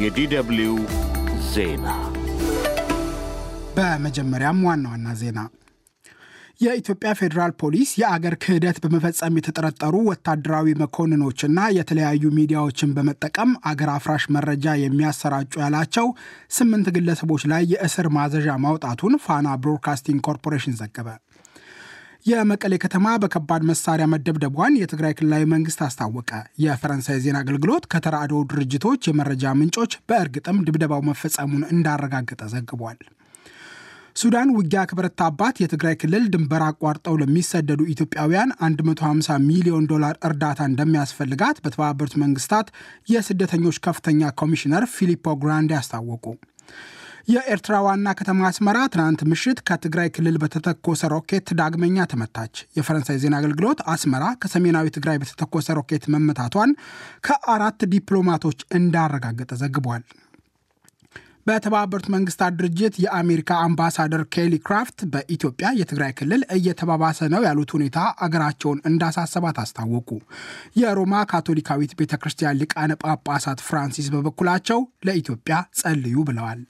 የዲደብሊው ዜና በመጀመሪያም ዋና ዋና ዜና የኢትዮጵያ ፌዴራል ፖሊስ የአገር ክህደት በመፈጸም የተጠረጠሩ ወታደራዊ መኮንኖችና የተለያዩ ሚዲያዎችን በመጠቀም አገር አፍራሽ መረጃ የሚያሰራጩ ያላቸው ስምንት ግለሰቦች ላይ የእስር ማዘዣ ማውጣቱን ፋና ብሮድካስቲንግ ኮርፖሬሽን ዘገበ። የመቀሌ ከተማ በከባድ መሳሪያ መደብደቧን የትግራይ ክልላዊ መንግስት አስታወቀ። የፈረንሳይ ዜና አገልግሎት ከተራድኦ ድርጅቶች የመረጃ ምንጮች በእርግጥም ድብደባው መፈጸሙን እንዳረጋገጠ ዘግቧል። ሱዳን ውጊያ ከበረታባት የትግራይ ክልል ድንበር አቋርጠው ለሚሰደዱ ኢትዮጵያውያን 150 ሚሊዮን ዶላር እርዳታ እንደሚያስፈልጋት በተባበሩት መንግስታት የስደተኞች ከፍተኛ ኮሚሽነር ፊሊፖ ግራንዴ አስታወቁ። የኤርትራ ዋና ከተማ አስመራ ትናንት ምሽት ከትግራይ ክልል በተተኮሰ ሮኬት ዳግመኛ ተመታች። የፈረንሳይ ዜና አገልግሎት አስመራ ከሰሜናዊ ትግራይ በተተኮሰ ሮኬት መመታቷን ከአራት ዲፕሎማቶች እንዳረጋገጠ ዘግቧል። በተባበሩት መንግስታት ድርጅት የአሜሪካ አምባሳደር ኬሊ ክራፍት በኢትዮጵያ የትግራይ ክልል እየተባባሰ ነው ያሉት ሁኔታ አገራቸውን እንዳሳሰባት አስታወቁ። የሮማ ካቶሊካዊት ቤተ ክርስቲያን ሊቃነ ጳጳሳት ፍራንሲስ በበኩላቸው ለኢትዮጵያ ጸልዩ ብለዋል።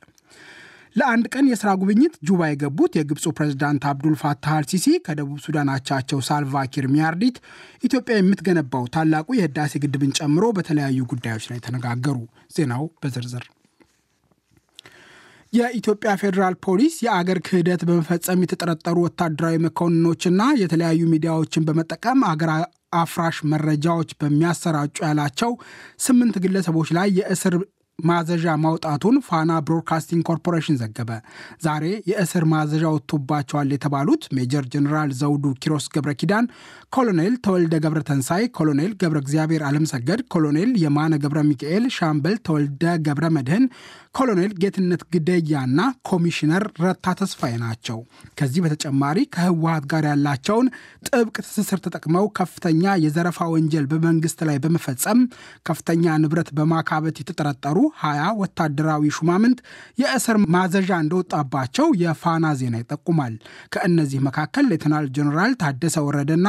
ለአንድ ቀን የስራ ጉብኝት ጁባ የገቡት የግብፁ ፕሬዝዳንት አብዱል ፋታህ አልሲሲ ከደቡብ ሱዳን አቻቸው ሳልቫ ሚያርዲት ኢትዮጵያ የምትገነባው ታላቁ የህዳሴ ግድብን ጨምሮ በተለያዩ ጉዳዮች ላይ ተነጋገሩ። ዜናው በዝርዝር የኢትዮጵያ ፌዴራል ፖሊስ የአገር ክህደት በመፈጸም የተጠረጠሩ ወታደራዊ መኮንኖችና የተለያዩ ሚዲያዎችን በመጠቀም አገር አፍራሽ መረጃዎች በሚያሰራጩ ያላቸው ስምንት ግለሰቦች ላይ የእስር ማዘዣ ማውጣቱን ፋና ብሮድካስቲንግ ኮርፖሬሽን ዘገበ። ዛሬ የእስር ማዘዣ ወጥቶባቸዋል የተባሉት ሜጀር ጀኔራል ዘውዱ ኪሮስ ገብረ ኪዳን፣ ኮሎኔል ተወልደ ገብረ ተንሳይ፣ ኮሎኔል ገብረ እግዚአብሔር አለምሰገድ፣ ኮሎኔል የማነ ገብረ ሚካኤል፣ ሻምበል ተወልደ ገብረ መድህን፣ ኮሎኔል ጌትነት ግደያና ኮሚሽነር ረታ ተስፋዬ ናቸው። ከዚህ በተጨማሪ ከህወሀት ጋር ያላቸውን ጥብቅ ትስስር ተጠቅመው ከፍተኛ የዘረፋ ወንጀል በመንግስት ላይ በመፈጸም ከፍተኛ ንብረት በማካበት የተጠረጠሩ ሀያ ወታደራዊ ሹማምንት የእስር ማዘዣ እንደወጣባቸው የፋና ዜና ይጠቁማል። ከእነዚህ መካከል ሌተናል ጀኔራል ታደሰ ወረደና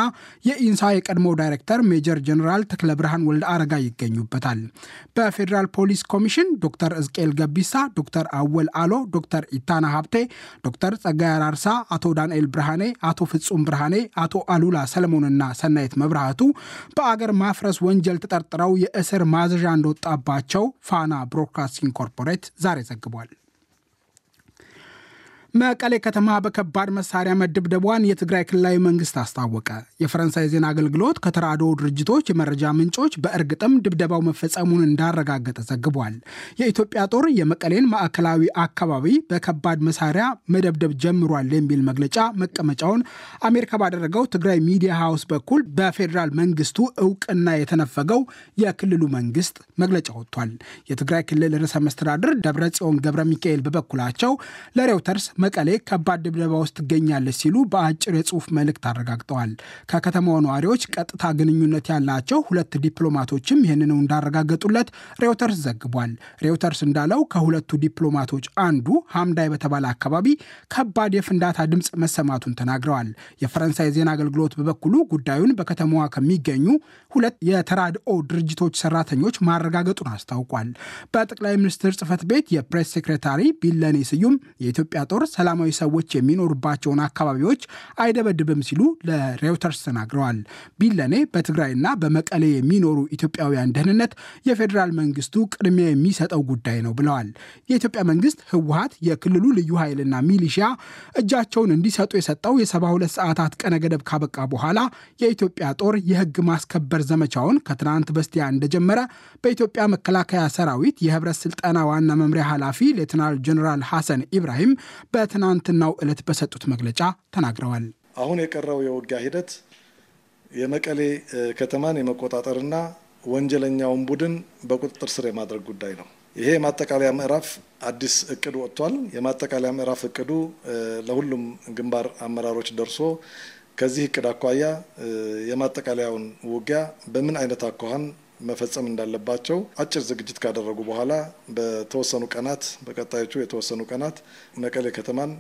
የኢንሳ የቀድሞ ዳይሬክተር ሜጀር ጀኔራል ተክለ ብርሃን ወልደ አረጋ ይገኙበታል። በፌዴራል ፖሊስ ኮሚሽን ዶክተር እዝቅኤል ገቢሳ፣ ዶክተር አወል አሎ፣ ዶክተር ኢታና ሀብቴ፣ ዶክተር ጸጋይ አራርሳ፣ አቶ ዳንኤል ብርሃኔ፣ አቶ ፍጹም ብርሃኔ፣ አቶ አሉላ ሰለሞንና ሰናየት መብርሃቱ በአገር ማፍረስ ወንጀል ተጠርጥረው የእስር ማዘዣ እንደወጣባቸው ፋና ብሮድካስቲንግ ኮርፖሬት ዛሬ ዘግቧል። መቀሌ ከተማ በከባድ መሳሪያ መደብደቧን የትግራይ ክልላዊ መንግስት አስታወቀ። የፈረንሳይ ዜና አገልግሎት ከተራዶ ድርጅቶች የመረጃ ምንጮች በእርግጥም ድብደባው መፈጸሙን እንዳረጋገጠ ዘግቧል። የኢትዮጵያ ጦር የመቀሌን ማዕከላዊ አካባቢ በከባድ መሳሪያ መደብደብ ጀምሯል የሚል መግለጫ መቀመጫውን አሜሪካ ባደረገው ትግራይ ሚዲያ ሃውስ በኩል በፌዴራል መንግስቱ እውቅና የተነፈገው የክልሉ መንግስት መግለጫ ወጥቷል። የትግራይ ክልል ርዕሰ መስተዳድር ደብረ ጽዮን ገብረ ሚካኤል በበኩላቸው ለሬውተርስ መቀሌ ከባድ ድብደባ ውስጥ ትገኛለች ሲሉ በአጭር የጽሁፍ መልእክት አረጋግጠዋል። ከከተማው ነዋሪዎች ቀጥታ ግንኙነት ያላቸው ሁለት ዲፕሎማቶችም ይህንኑ እንዳረጋገጡለት ሬውተርስ ዘግቧል። ሬውተርስ እንዳለው ከሁለቱ ዲፕሎማቶች አንዱ ሀምዳይ በተባለ አካባቢ ከባድ የፍንዳታ ድምፅ መሰማቱን ተናግረዋል። የፈረንሳይ ዜና አገልግሎት በበኩሉ ጉዳዩን በከተማዋ ከሚገኙ ሁለት የተራድኦ ድርጅቶች ሰራተኞች ማረጋገጡን አስታውቋል። በጠቅላይ ሚኒስትር ጽህፈት ቤት የፕሬስ ሴክሬታሪ ቢለኔ ስዩም የኢትዮጵያ ጦር ሰላማዊ ሰዎች የሚኖሩባቸውን አካባቢዎች አይደበድብም ሲሉ ለሬውተርስ ተናግረዋል። ቢለኔ በትግራይና በመቀሌ የሚኖሩ ኢትዮጵያውያን ደህንነት የፌዴራል መንግስቱ ቅድሚያ የሚሰጠው ጉዳይ ነው ብለዋል። የኢትዮጵያ መንግስት ህወሀት የክልሉ ልዩ ኃይልና ሚሊሺያ እጃቸውን እንዲሰጡ የሰጠው የ72 ሰዓታት ቀነ ገደብ ካበቃ በኋላ የኢትዮጵያ ጦር የህግ ማስከበር ዘመቻውን ከትናንት በስቲያ እንደጀመረ በኢትዮጵያ መከላከያ ሰራዊት የህብረት ስልጠና ዋና መምሪያ ኃላፊ ሌትናል ጀኔራል ሐሰን ኢብራሂም በ በትናንትናው ዕለት በሰጡት መግለጫ ተናግረዋል። አሁን የቀረው የውጊያ ሂደት የመቀሌ ከተማን የመቆጣጠርና ወንጀለኛውን ቡድን በቁጥጥር ስር የማድረግ ጉዳይ ነው። ይሄ የማጠቃለያ ምዕራፍ አዲስ እቅድ ወጥቷል። የማጠቃለያ ምዕራፍ እቅዱ ለሁሉም ግንባር አመራሮች ደርሶ ከዚህ እቅድ አኳያ የማጠቃለያውን ውጊያ በምን አይነት አኳኋን መፈጸም እንዳለባቸው አጭር ዝግጅት ካደረጉ በኋላ በተወሰኑ ቀናት በቀጣዮቹ የተወሰኑ ቀናት መቀሌ ከተማን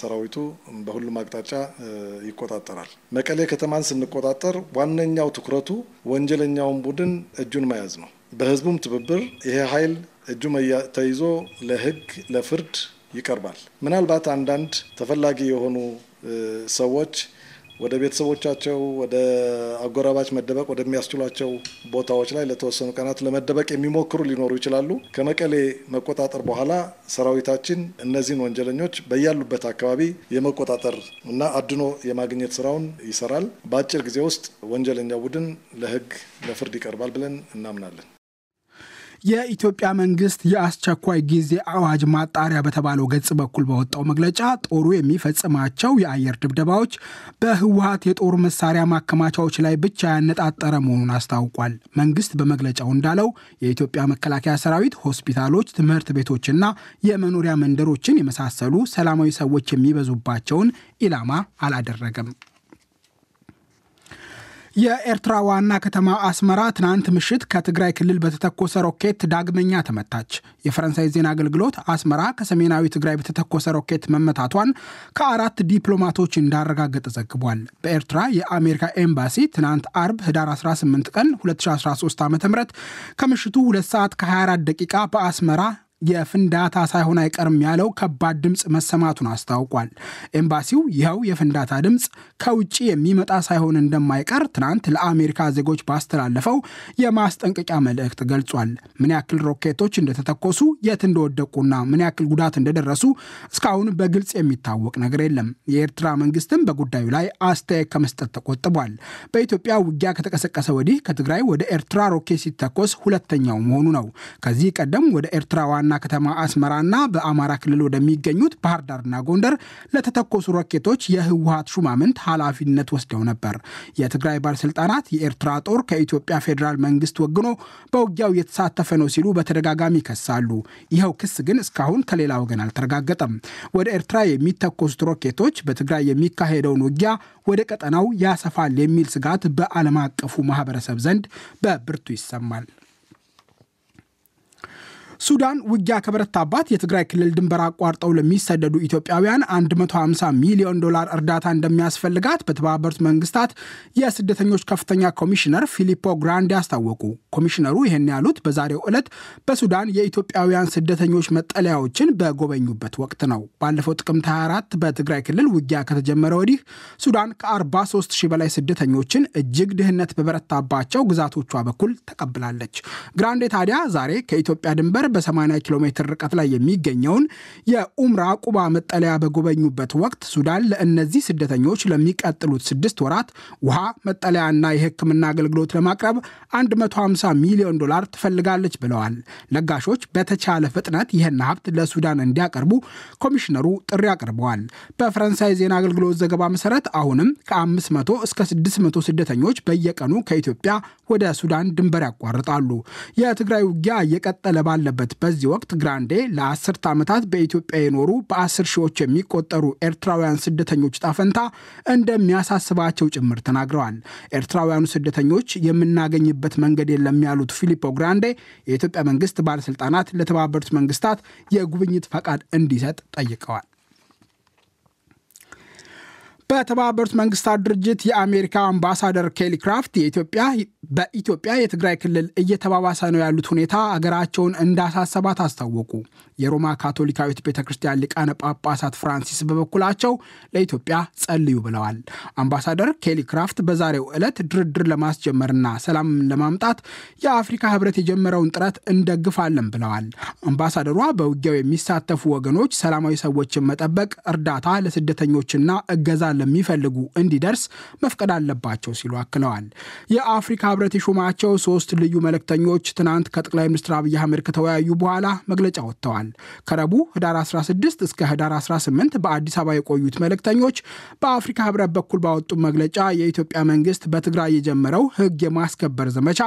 ሰራዊቱ በሁሉም አቅጣጫ ይቆጣጠራል። መቀሌ ከተማን ስንቆጣጠር ዋነኛው ትኩረቱ ወንጀለኛውን ቡድን እጁን መያዝ ነው። በህዝቡም ትብብር ይሄ ኃይል እጁ ተይዞ ለህግ ለፍርድ ይቀርባል። ምናልባት አንዳንድ ተፈላጊ የሆኑ ሰዎች ወደ ቤተሰቦቻቸው ወደ አጎራባች መደበቅ ወደሚያስችሏቸው ቦታዎች ላይ ለተወሰኑ ቀናት ለመደበቅ የሚሞክሩ ሊኖሩ ይችላሉ። ከመቀሌ መቆጣጠር በኋላ ሰራዊታችን እነዚህን ወንጀለኞች በያሉበት አካባቢ የመቆጣጠር እና አድኖ የማግኘት ስራውን ይሰራል። በአጭር ጊዜ ውስጥ ወንጀለኛ ቡድን ለሕግ ለፍርድ ይቀርባል ብለን እናምናለን። የኢትዮጵያ መንግስት የአስቸኳይ ጊዜ አዋጅ ማጣሪያ በተባለው ገጽ በኩል በወጣው መግለጫ ጦሩ የሚፈጽማቸው የአየር ድብደባዎች በህወሀት የጦር መሳሪያ ማከማቻዎች ላይ ብቻ ያነጣጠረ መሆኑን አስታውቋል። መንግስት በመግለጫው እንዳለው የኢትዮጵያ መከላከያ ሰራዊት ሆስፒታሎች፣ ትምህርት ቤቶችና የመኖሪያ መንደሮችን የመሳሰሉ ሰላማዊ ሰዎች የሚበዙባቸውን ኢላማ አላደረገም። የኤርትራ ዋና ከተማ አስመራ ትናንት ምሽት ከትግራይ ክልል በተተኮሰ ሮኬት ዳግመኛ ተመታች። የፈረንሳይ ዜና አገልግሎት አስመራ ከሰሜናዊ ትግራይ በተተኮሰ ሮኬት መመታቷን ከአራት ዲፕሎማቶች እንዳረጋገጠ ዘግቧል። በኤርትራ የአሜሪካ ኤምባሲ ትናንት አርብ ህዳር 18 ቀን 2013 ዓ ም ከምሽቱ 2 ሰዓት ከ24 ደቂቃ በአስመራ የፍንዳታ ሳይሆን አይቀርም ያለው ከባድ ድምፅ መሰማቱን አስታውቋል። ኤምባሲው ይኸው የፍንዳታ ድምፅ ከውጭ የሚመጣ ሳይሆን እንደማይቀር ትናንት ለአሜሪካ ዜጎች ባስተላለፈው የማስጠንቀቂያ መልእክት ገልጿል። ምን ያክል ሮኬቶች እንደተተኮሱ፣ የት እንደወደቁና ምን ያክል ጉዳት እንደደረሱ እስካሁን በግልጽ የሚታወቅ ነገር የለም። የኤርትራ መንግስትም በጉዳዩ ላይ አስተያየት ከመስጠት ተቆጥቧል። በኢትዮጵያ ውጊያ ከተቀሰቀሰ ወዲህ ከትግራይ ወደ ኤርትራ ሮኬት ሲተኮስ ሁለተኛው መሆኑ ነው። ከዚህ ቀደም ወደ ኤርትራ ዋና ከተማ አስመራና በአማራ ክልል ወደሚገኙት ባህር ዳርና ጎንደር ለተተኮሱ ሮኬቶች የህወሀት ሹማምንት ኃላፊነት ወስደው ነበር። የትግራይ ባለስልጣናት የኤርትራ ጦር ከኢትዮጵያ ፌዴራል መንግስት ወግኖ በውጊያው እየተሳተፈ ነው ሲሉ በተደጋጋሚ ይከሳሉ። ይኸው ክስ ግን እስካሁን ከሌላ ወገን አልተረጋገጠም። ወደ ኤርትራ የሚተኮሱት ሮኬቶች በትግራይ የሚካሄደውን ውጊያ ወደ ቀጠናው ያሰፋል የሚል ስጋት በዓለም አቀፉ ማህበረሰብ ዘንድ በብርቱ ይሰማል። ሱዳን ውጊያ ከበረታባት የትግራይ ክልል ድንበር አቋርጠው ለሚሰደዱ ኢትዮጵያውያን 150 ሚሊዮን ዶላር እርዳታ እንደሚያስፈልጋት በተባበሩት መንግስታት የስደተኞች ከፍተኛ ኮሚሽነር ፊሊፖ ግራንዲ አስታወቁ። ኮሚሽነሩ ይህን ያሉት በዛሬው ዕለት በሱዳን የኢትዮጵያውያን ስደተኞች መጠለያዎችን በጎበኙበት ወቅት ነው። ባለፈው ጥቅምት 24 በትግራይ ክልል ውጊያ ከተጀመረ ወዲህ ሱዳን ከ43 ሺህ በላይ ስደተኞችን እጅግ ድህነት በበረታባቸው ግዛቶቿ በኩል ተቀብላለች። ግራንዴ ታዲያ ዛሬ ከኢትዮጵያ ድንበር ባህር በ80 ኪሎ ሜትር ርቀት ላይ የሚገኘውን የኡምራ ቁባ መጠለያ በጎበኙበት ወቅት ሱዳን ለእነዚህ ስደተኞች ለሚቀጥሉት ስድስት ወራት ውሃ፣ መጠለያና የሕክምና አገልግሎት ለማቅረብ 150 ሚሊዮን ዶላር ትፈልጋለች ብለዋል። ለጋሾች በተቻለ ፍጥነት ይህን ሀብት ለሱዳን እንዲያቀርቡ ኮሚሽነሩ ጥሪ አቅርበዋል። በፈረንሳይ ዜና አገልግሎት ዘገባ መሰረት አሁንም ከ500 እስከ 600 ስደተኞች በየቀኑ ከኢትዮጵያ ወደ ሱዳን ድንበር ያቋርጣሉ። የትግራይ ውጊያ እየቀጠለ ባለ ባለበት በዚህ ወቅት ግራንዴ ለአስርት ዓመታት በኢትዮጵያ የኖሩ በአስር ሺዎች የሚቆጠሩ ኤርትራውያን ስደተኞች ጣፈንታ እንደሚያሳስባቸው ጭምር ተናግረዋል። ኤርትራውያኑ ስደተኞች የምናገኝበት መንገድ የለም ያሉት ፊሊፖ ግራንዴ የኢትዮጵያ መንግስት ባለስልጣናት ለተባበሩት መንግስታት የጉብኝት ፈቃድ እንዲሰጥ ጠይቀዋል። በተባበሩት መንግስታት ድርጅት የአሜሪካ አምባሳደር ኬሊ ክራፍት የኢትዮጵያ በኢትዮጵያ የትግራይ ክልል እየተባባሰ ነው ያሉት ሁኔታ አገራቸውን እንዳሳሰባት አስታወቁ። የሮማ ካቶሊካዊት ቤተ ክርስቲያን ሊቃነ ጳጳሳት ፍራንሲስ በበኩላቸው ለኢትዮጵያ ጸልዩ ብለዋል። አምባሳደር ኬሊ ክራፍት በዛሬው ዕለት ድርድር ለማስጀመርና ሰላም ለማምጣት የአፍሪካ ህብረት የጀመረውን ጥረት እንደግፋለን ብለዋል። አምባሳደሯ በውጊያው የሚሳተፉ ወገኖች ሰላማዊ ሰዎችን መጠበቅ፣ እርዳታ ለስደተኞችና እገዛ ለሚፈልጉ እንዲደርስ መፍቀድ አለባቸው ሲሉ አክለዋል። የአፍሪካ ህብረት የሾማቸው ሶስት ልዩ መልእክተኞች ትናንት ከጠቅላይ ሚኒስትር አብይ አህመድ ከተወያዩ በኋላ መግለጫ ወጥተዋል። ከረቡ ህዳር 16 እስከ ህዳር 18 በአዲስ አበባ የቆዩት መልእክተኞች በአፍሪካ ህብረት በኩል ባወጡ መግለጫ የኢትዮጵያ መንግስት በትግራይ የጀመረው ህግ የማስከበር ዘመቻ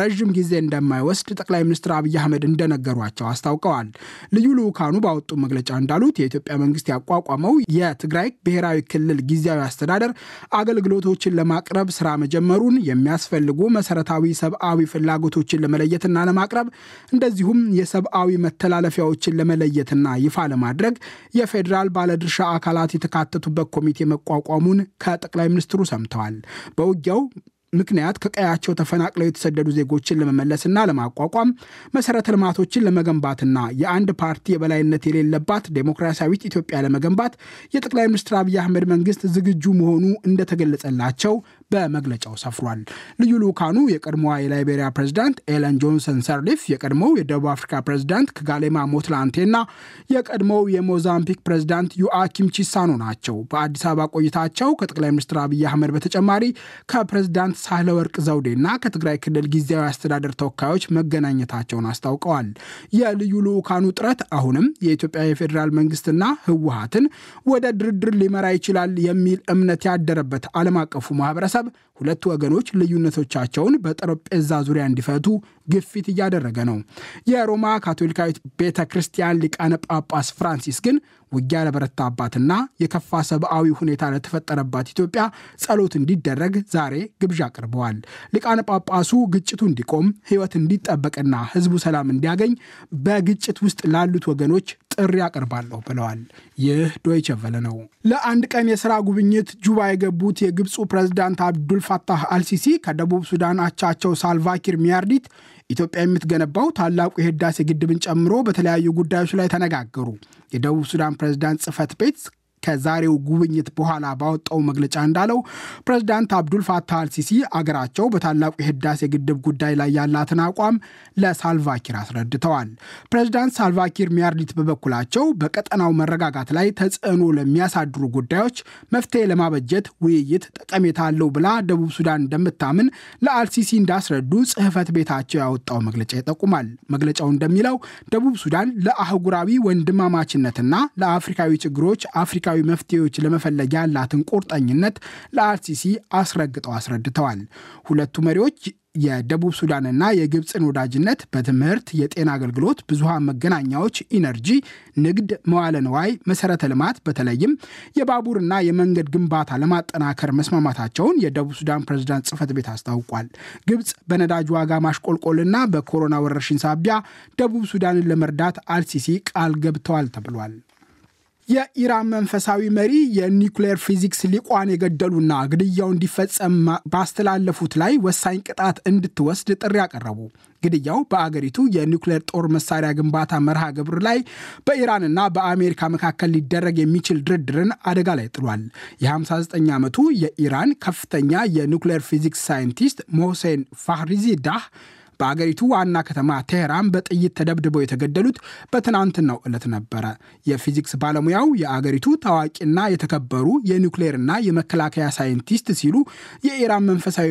ረዥም ጊዜ እንደማይወስድ ጠቅላይ ሚኒስትር አብይ አህመድ እንደነገሯቸው አስታውቀዋል። ልዩ ልዑካኑ ባወጡ መግለጫ እንዳሉት የኢትዮጵያ መንግስት ያቋቋመው የትግራይ ብሔራዊ ክልል ጊዜያዊ አስተዳደር አገልግሎቶችን ለማቅረብ ስራ መጀመሩን የሚያስፈልጉ መሰረታዊ ሰብአዊ ፍላጎቶችን ለመለየትና ለማቅረብ እንደዚሁም የሰብአዊ መተላለፊያዎችን ለመለየትና ይፋ ለማድረግ የፌዴራል ባለድርሻ አካላት የተካተቱበት ኮሚቴ መቋቋሙን ከጠቅላይ ሚኒስትሩ ሰምተዋል። በውጊያው ምክንያት ከቀያቸው ተፈናቅለው የተሰደዱ ዜጎችን ለመመለስና ለማቋቋም መሰረተ ልማቶችን ለመገንባትና የአንድ ፓርቲ የበላይነት የሌለባት ዴሞክራሲያዊት ኢትዮጵያ ለመገንባት የጠቅላይ ሚኒስትር አብይ አህመድ መንግስት ዝግጁ መሆኑ እንደተገለጸላቸው በመግለጫው ሰፍሯል። ልዩ ልኡካኑ የቀድሞዋ የላይቤሪያ ፕሬዚዳንት ኤለን ጆንሰን ሰርሊፍ፣ የቀድሞው የደቡብ አፍሪካ ፕሬዚዳንት ሞትላንቴ እና የቀድሞው የሞዛምቢክ ፕሬዚዳንት ዩአኪም ቺሳኖ ናቸው። በአዲስ አበባ ቆይታቸው ከጠቅላይ ሚኒስትር አብይ አህመድ በተጨማሪ ከፕሬዚዳንት ሳህለ ወርቅ ዘውዴና ከትግራይ ክልል ጊዜያዊ አስተዳደር ተወካዮች መገናኘታቸውን አስታውቀዋል። የልዩ ልኡካኑ ጥረት አሁንም የኢትዮጵያ የፌዴራል መንግስትና ህወሀትን ወደ ድርድር ሊመራ ይችላል የሚል እምነት ያደረበት ዓለም አቀፉ ማህበረሰብ በመሰብሰብ ሁለቱ ወገኖች ልዩነቶቻቸውን በጠረጴዛ ዙሪያ እንዲፈቱ ግፊት እያደረገ ነው። የሮማ ካቶሊካዊት ቤተ ክርስቲያን ሊቃነ ጳጳስ ፍራንሲስ ግን ውጊያ ለበረታባትና የከፋ ሰብአዊ ሁኔታ ለተፈጠረባት ኢትዮጵያ ጸሎት እንዲደረግ ዛሬ ግብዣ አቅርበዋል። ሊቃነ ጳጳሱ ግጭቱ እንዲቆም፣ ሕይወት እንዲጠበቅና ሕዝቡ ሰላም እንዲያገኝ በግጭት ውስጥ ላሉት ወገኖች ጥሪ አቀርባለሁ ብለዋል። ይህ ዶይቸ ቨለ ነው። ለአንድ ቀን የሥራ ጉብኝት ጁባ የገቡት የግብፁ ፕሬዝዳንት አብዱልፋታህ አልሲሲ ከደቡብ ሱዳን አቻቸው ሳልቫኪር ሚያርዲት ኢትዮጵያ የምትገነባው ታላቁ የህዳሴ ግድብን ጨምሮ በተለያዩ ጉዳዮች ላይ ተነጋገሩ። የደቡብ ሱዳን ፕሬዝዳንት ጽህፈት ቤት ከዛሬው ጉብኝት በኋላ ባወጣው መግለጫ እንዳለው ፕሬዚዳንት አብዱል ፋታህ አልሲሲ አገራቸው በታላቁ የህዳሴ ግድብ ጉዳይ ላይ ያላትን አቋም ለሳልቫኪር አስረድተዋል። ፕሬዚዳንት ሳልቫኪር ሚያርዲት በበኩላቸው በቀጠናው መረጋጋት ላይ ተጽዕኖ ለሚያሳድሩ ጉዳዮች መፍትሄ ለማበጀት ውይይት ጠቀሜታ አለው ብላ ደቡብ ሱዳን እንደምታምን ለአልሲሲ እንዳስረዱ ጽህፈት ቤታቸው ያወጣው መግለጫ ይጠቁማል። መግለጫው እንደሚለው ደቡብ ሱዳን ለአህጉራዊ ወንድማማችነትና ለአፍሪካዊ ችግሮች አፍሪካ ፖለቲካዊ መፍትሄዎች ለመፈለግ ያላትን ቁርጠኝነት ለአርሲሲ አስረግጠው አስረድተዋል። ሁለቱ መሪዎች የደቡብ ሱዳንና የግብፅን ወዳጅነት በትምህርት፣ የጤና አገልግሎት፣ ብዙሃን መገናኛዎች፣ ኢነርጂ፣ ንግድ፣ መዋለ ንዋይ፣ መሰረተ ልማት በተለይም የባቡርና የመንገድ ግንባታ ለማጠናከር መስማማታቸውን የደቡብ ሱዳን ፕሬዚዳንት ጽህፈት ቤት አስታውቋል። ግብፅ በነዳጅ ዋጋ ማሽቆልቆልና በኮሮና ወረርሽኝ ሳቢያ ደቡብ ሱዳንን ለመርዳት አልሲሲ ቃል ገብተዋል ተብሏል። የኢራን መንፈሳዊ መሪ የኒውክሌር ፊዚክስ ሊቋን የገደሉና ግድያው እንዲፈጸም ባስተላለፉት ላይ ወሳኝ ቅጣት እንድትወስድ ጥሪ አቀረቡ። ግድያው በአገሪቱ የኒውክሌር ጦር መሳሪያ ግንባታ መርሃ ግብር ላይ በኢራንና በአሜሪካ መካከል ሊደረግ የሚችል ድርድርን አደጋ ላይ ጥሏል። የ59 ዓመቱ የኢራን ከፍተኛ የኒውክሌር ፊዚክስ ሳይንቲስት ሞሴን ፋህሪዚዳህ በአገሪቱ ዋና ከተማ ቴህራን በጥይት ተደብድበው የተገደሉት በትናንትናው ዕለት ነበረ። የፊዚክስ ባለሙያው የአገሪቱ ታዋቂና የተከበሩ የኒውክሌርና የመከላከያ ሳይንቲስት ሲሉ የኢራን መንፈሳዊ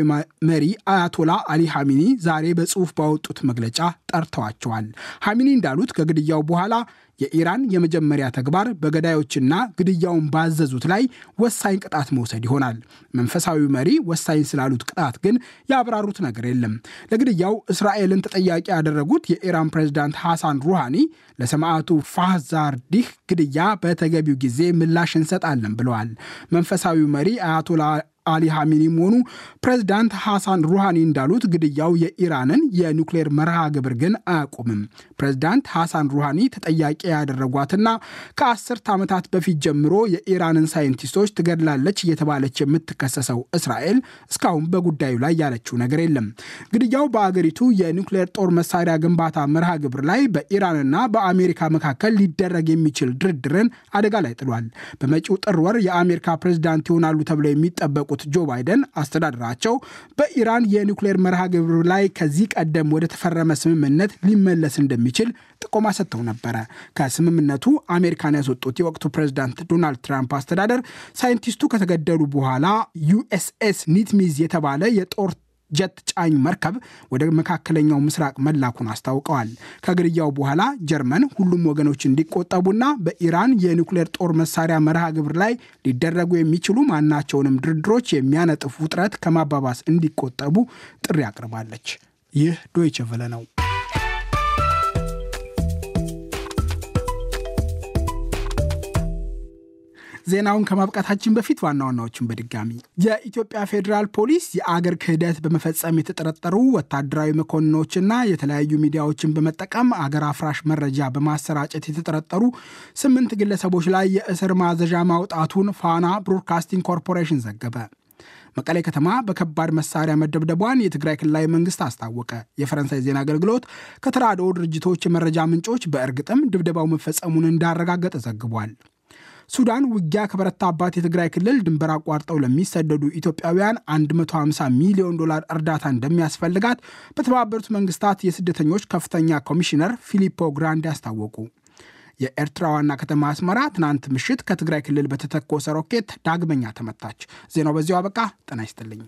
መሪ አያቶላ አሊ ሐሚኒ ዛሬ በጽሑፍ ባወጡት መግለጫ ጠርተዋቸዋል። ሐሚኒ እንዳሉት ከግድያው በኋላ የኢራን የመጀመሪያ ተግባር በገዳዮችና ግድያውን ባዘዙት ላይ ወሳኝ ቅጣት መውሰድ ይሆናል። መንፈሳዊ መሪ ወሳኝ ስላሉት ቅጣት ግን ያብራሩት ነገር የለም። ለግድያው እስራኤልን ተጠያቂ ያደረጉት የኢራን ፕሬዝዳንት ሐሳን ሩሃኒ ለሰማዕቱ ፋህዛርዲህ ግድያ በተገቢው ጊዜ ምላሽ እንሰጣለን ብለዋል። መንፈሳዊ መሪ አያቶላ አሊ ሐሚኒም ሆኑ ፕሬዚዳንት ሐሳን ሩሃኒ እንዳሉት ግድያው የኢራንን የኒውክሌር መርሃ ግብር ግን አያቁምም። ፕሬዚዳንት ሐሳን ሩሃኒ ተጠያቂ ያደረጓትና ከአስርት ዓመታት በፊት ጀምሮ የኢራንን ሳይንቲስቶች ትገድላለች እየተባለች የምትከሰሰው እስራኤል እስካሁን በጉዳዩ ላይ ያለችው ነገር የለም። ግድያው በአገሪቱ የኒውክሌር ጦር መሳሪያ ግንባታ መርሃ ግብር ላይ በኢራንና በአሜሪካ መካከል ሊደረግ የሚችል ድርድርን አደጋ ላይ ጥሏል። በመጪው ጥር ወር የአሜሪካ ፕሬዚዳንት ይሆናሉ ተብለው የሚጠበቁት ጆ ባይደን አስተዳደራቸው በኢራን የኒውክሌር መርሃ ግብር ላይ ከዚህ ቀደም ወደ ተፈረመ ስምምነት ሊመለስ እንደሚችል እንደሚችል ጥቆማ ሰጥተው ነበረ። ከስምምነቱ አሜሪካን ያስወጡት የወቅቱ ፕሬዚዳንት ዶናልድ ትራምፕ አስተዳደር ሳይንቲስቱ ከተገደሉ በኋላ ዩኤስኤስ ኒትሚዝ የተባለ የጦር ጀት ጫኝ መርከብ ወደ መካከለኛው ምስራቅ መላኩን አስታውቀዋል። ከግድያው በኋላ ጀርመን ሁሉም ወገኖች እንዲቆጠቡና በኢራን የኒውክሌር ጦር መሳሪያ መርሃ ግብር ላይ ሊደረጉ የሚችሉ ማናቸውንም ድርድሮች የሚያነጥፉ ውጥረት ከማባባስ እንዲቆጠቡ ጥሪ አቅርባለች። ይህ ዶይቸ ነው። ዜናውን ከማብቃታችን በፊት ዋና ዋናዎቹን በድጋሚ የኢትዮጵያ ፌዴራል ፖሊስ የአገር ክህደት በመፈጸም የተጠረጠሩ ወታደራዊ መኮንኖችና የተለያዩ ሚዲያዎችን በመጠቀም አገር አፍራሽ መረጃ በማሰራጨት የተጠረጠሩ ስምንት ግለሰቦች ላይ የእስር ማዘዣ ማውጣቱን ፋና ብሮድካስቲንግ ኮርፖሬሽን ዘገበ። መቀሌ ከተማ በከባድ መሳሪያ መደብደቧን የትግራይ ክልላዊ መንግስት አስታወቀ። የፈረንሳይ ዜና አገልግሎት ከተራድኦ ድርጅቶች የመረጃ ምንጮች በእርግጥም ድብደባው መፈጸሙን እንዳረጋገጠ ዘግቧል። ሱዳን ውጊያ ከበረታባት የትግራይ ክልል ድንበር አቋርጠው ለሚሰደዱ ኢትዮጵያውያን 150 ሚሊዮን ዶላር እርዳታ እንደሚያስፈልጋት በተባበሩት መንግስታት የስደተኞች ከፍተኛ ኮሚሽነር ፊሊፖ ግራንዲ አስታወቁ። የኤርትራ ዋና ከተማ አስመራ ትናንት ምሽት ከትግራይ ክልል በተተኮሰ ሮኬት ዳግመኛ ተመታች። ዜናው በዚሁ አበቃ። ጤና ይስጥልኝ።